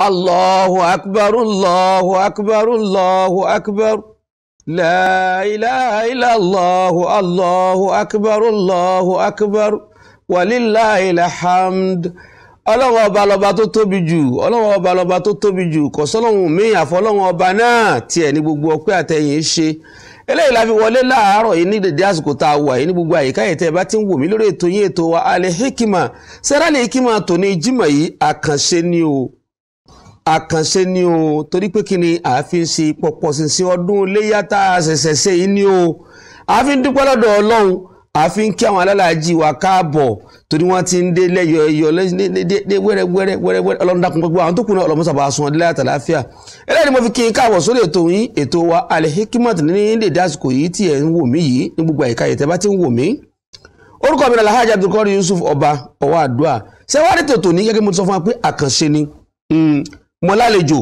الله أكبر الله أكبر الله أكبر لا إله إلا الله الله أكبر الله أكبر ولله الحمد ọlọ́run ọba lọba tó tóbi jù ọlọ́run ọba lọba tó tóbi jù kò sọ́lọ́run míì àfọlọ́run ọba náà tiẹ̀ ní gbogbo ọpẹ́ àtẹ̀yìn ṣe eléyìí la fi wọlé láàárọ̀ yìí ní dèdè àsìkò tá a wà yìí ní gbogbo àyíká yìí tẹ́ ẹ bá ti ń wò mí lórí ètò yín ètò wa Al Hikmat Sera Al tòní Jímọ̀ yìí àkànṣe ni o àkànṣe ni o torí pé kí ni àáfin ṣe pọ̀pọ̀ ṣinṣin ọdún iléyà tá a ṣẹ̀ṣẹ̀ ṣe yìí ni o àáfin dúpẹ́ lọ́dọ̀ ọlọ́run àáfin kí àwọn alálàájì wa káàbọ̀ torí wọ́n ti ń dé lẹ́yọ̀ ẹ̀yọ̀ lẹ́dẹ́ wẹ́rẹ́ wẹ́rẹ́ wẹ́rẹ́ wẹ́rẹ́ ọlọ́run dákun gbogbo àwọn tó kù náà ọlọ́run sábà sun ọdún láyàtà láàfíà eléyìí ni mo fi kí n káàbọ̀ sórí ètò yín ètò wa Al-Hikmat ní lè dé àsìkò yìí tí ẹ̀ ń wò mí yìí ní gbogbo àyíká yìí tẹ́ bá ti ń wò mí orúkọ mi ni Alhaji Abdulkadir Yusuf Ọba Ọwọ́ Àdúà ṣé wàá rí tètò ní gẹ́gẹ́ mo ti sọ fún wa pé àkànṣe ni hmm mo lálejò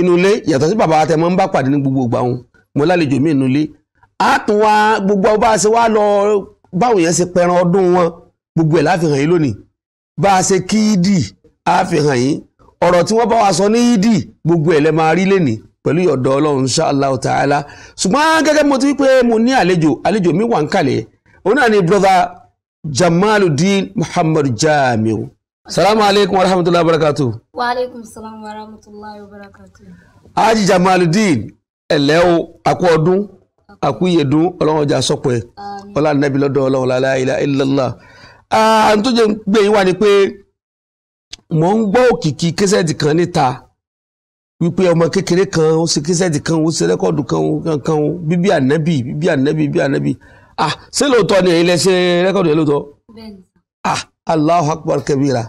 inú ilé yàtọ̀ sí bàbá àtẹ mọ́ ń bá pàdé ní gbogbo ìgbà wọn mo lálejò mí inú ilé á tún wá gbogbo bá a ṣe wá lọ báwọn yẹn ṣe pẹran ọdún wọn gbogbo ẹ̀ láfihàn yín lónìí bá a ṣe kí ídì á fi ọ̀rọ̀ tí wọ́n bá wa sọ ní ídì gbogbo ẹ̀ lẹ́ máa rí lẹ́nìí pẹ̀lú ọ̀dọ̀ ọlọ́run insha Allah ta'ala ṣùgbọ́n gẹ́gẹ́ mo ti wí pé mo ní àlejò àlejò mi wà ń kàlẹ̀ òun náà ni brother Jamaludin Muhammad Jamiu salamu alaikum wa rahmatullahi wa barakatu. wa alaikum salam wa rahmatullahi wa barakatu. aji jamaludin ẹlẹ́ o akú ọdún akú iyèdún ọlọ́run ọjà sọ́pọ̀ ẹ̀ ọlá nàbí lọ́dọ̀ ọlọ́run lálẹ́ àìlá ìlọ́lá. àwọn tó jẹ́ gbé yín wá ni pé mò ń gbọ́ òkìkí késẹ́ẹ̀tì kan níta wípé ọmọ kékeré kan ó ṣe késẹ́ẹ̀tì kan ó ṣe rẹ́kọ̀dù kan ó kankan ó bíbí ànábì bíbí ànábì bíbí ànábì ṣé lóòótọ́ ni èyí lẹ rẹ́kọ̀dù yẹn lóòótọ́ Allahu akbar kabira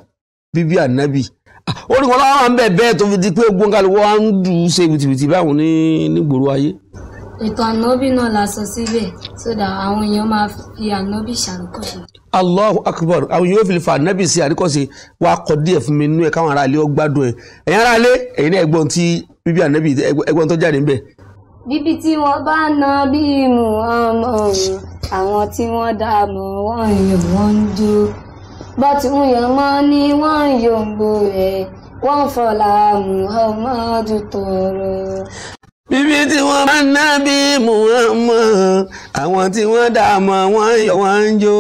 bíbí ànábì ah, ó ní wọn láwọn ń bẹ bẹ́ẹ̀ tó fi di pé gbọǹkàlù wọn ń dùn ún ṣe bìtìbìtì báwọn ní nígboro ayé. ètò ànábì náà la sọ síbẹ̀ sódà àwọn èèyàn máa fi ànábì ṣàríkọ́ṣe. allahu akbar àwọn yóò fi fa ànábì sí àríkọ́ṣe wàá kọ díẹ̀ fún mi nínú ẹ̀ káwọn aráalé ó gbádùn ẹ̀ ẹ̀yin aráalé ẹ̀yin náà ẹ̀gbọ́n tí bíbí ànábì ẹ̀gbọ́n tó jáde ń bẹ. tí wọ́n bá na bíi mú àwọn tí wọ́n dá mọ́ wọ́n yàn wọ́n dúró Bátìmúyànmọ́ ni wọ́n yòǹgbò rẹ̀ wọ́n fọlá Muhammadu tọrọ. Bíbí tí wọ́n bá ná bí Muhammad, àwọn tí wọ́n dà mọ́ wọ́n yọ wọ́n ń jó.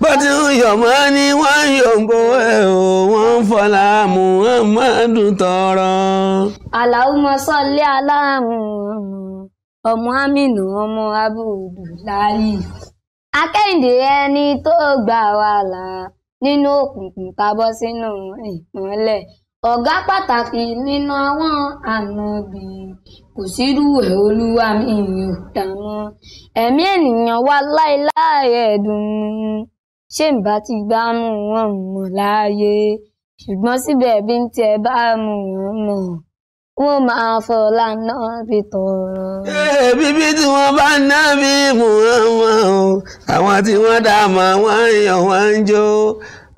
Bó ti ń yọ̀ mọ́ ni wọ́n yòǹgbò ẹ̀ o, wọ́n fọlá Muhammadu tọrọ. Allahumma salli ala Muhammad, ọmọ Aminu ọmọ Abudulayi. Akẹ́hìndé ẹni tó gbà wà láà nínú òkùnkùn ká bọ́ sínú ìmọ́lẹ̀ ọ̀gá pàtàkì nínú àwọn ànábì kò sírú ẹ̀ olúwa mi ìrìn òkúta mọ́ ẹ̀mí ènìyàn wá láéláé ẹ̀dùn ṣé n bá ti gbá wọn mọ̀ láàyè ṣùgbọ́n síbẹ̀ bí n tiẹ̀ bá mú wọn mọ̀ wọ́n máa fọlá náà bí tọrọ. Eh, bíbí tí wọ́n bá ná bí mùrán wọn o àwọn tí wọ́n dá mọ́ wọ́n ń yọ̀ wọ́n ń jó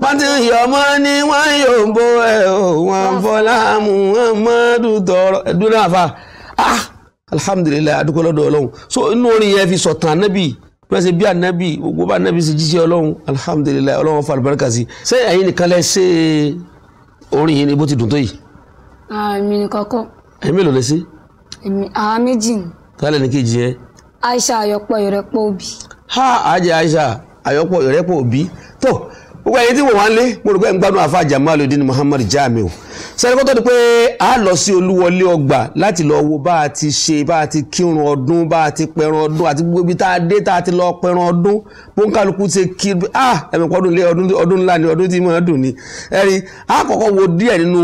wọ́n ti ń yọ̀ mọ́ ní wọ́n ń yọ̀ bó ẹ̀ o wọ́n fọlá mú wọ́n mọ́ dùtọ̀rọ̀ ẹ̀dúrà fà á ah, alhamdulilayi adúgbò lọ́dọ̀ ọlọ́run so inú orin yẹn fi sọ̀tàn anábì bí wọ́n ṣe bí anabi gbogbo bá anabi ṣe jíṣẹ́ ọlọ́run alhamdulilayi ọlọ́run fa àlùbáríkà sí. ṣé ẹ̀yin nìkan lẹ ṣe orin yìí ni bó ti dùn tó yìí èmi nìkan kọ́. èmi lò lè sí. èmi àwa méjì ni. tálẹ̀ ní kejì yẹn. Aisha Ayọ̀pọ̀ Ìrẹ́pọ̀ Òbí. ha ajẹ́ Aisha Ayọ̀pọ̀ Ìrẹ́pọ̀ Òbí tó gbogbo ẹ̀yin tí wọ́n wá ń lé mo rò pé ń gbádùn àfa Jamaludin Muhammad Jamiu sẹ́ni kó tó di pé a lọ sí Olúwọlé ọgbà láti lọ wo bá a ti ṣe bá a ti kírun ọdún bá a ti pẹran ọdún àti gbogbo ibi tá a dé tá a ti lọ pẹran ọdún bóńkálukú ti kí ah ẹ̀mí pọ́dún lé ọdún ńlá ni ọdún tí mo dùn ni ẹ̀rí a kọ́kọ́ wo díẹ̀ nínú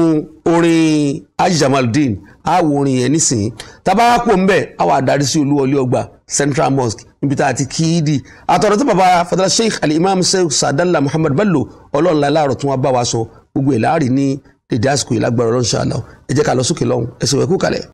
orin Haji Jamaludin a wo orin yẹn nísìnyí tá a bá kó ń bẹ̀ a wà darí sí Olúwọlé ọgbà Central Mosque níbi tá a ti kí í di àtọ̀rọ̀ tó bàbá fatala sheikh al-imam sheikh sadala muhammad bello ọlọ́run láàárọ̀ tún wá bá wa sọ gbogbo ẹ̀ ní dèdè àsìkò ìlágbára ọlọ́run ṣáàlà ẹ ká lọ sókè lọ́hùn ẹ̀sìn ìwẹ̀kú kalẹ̀.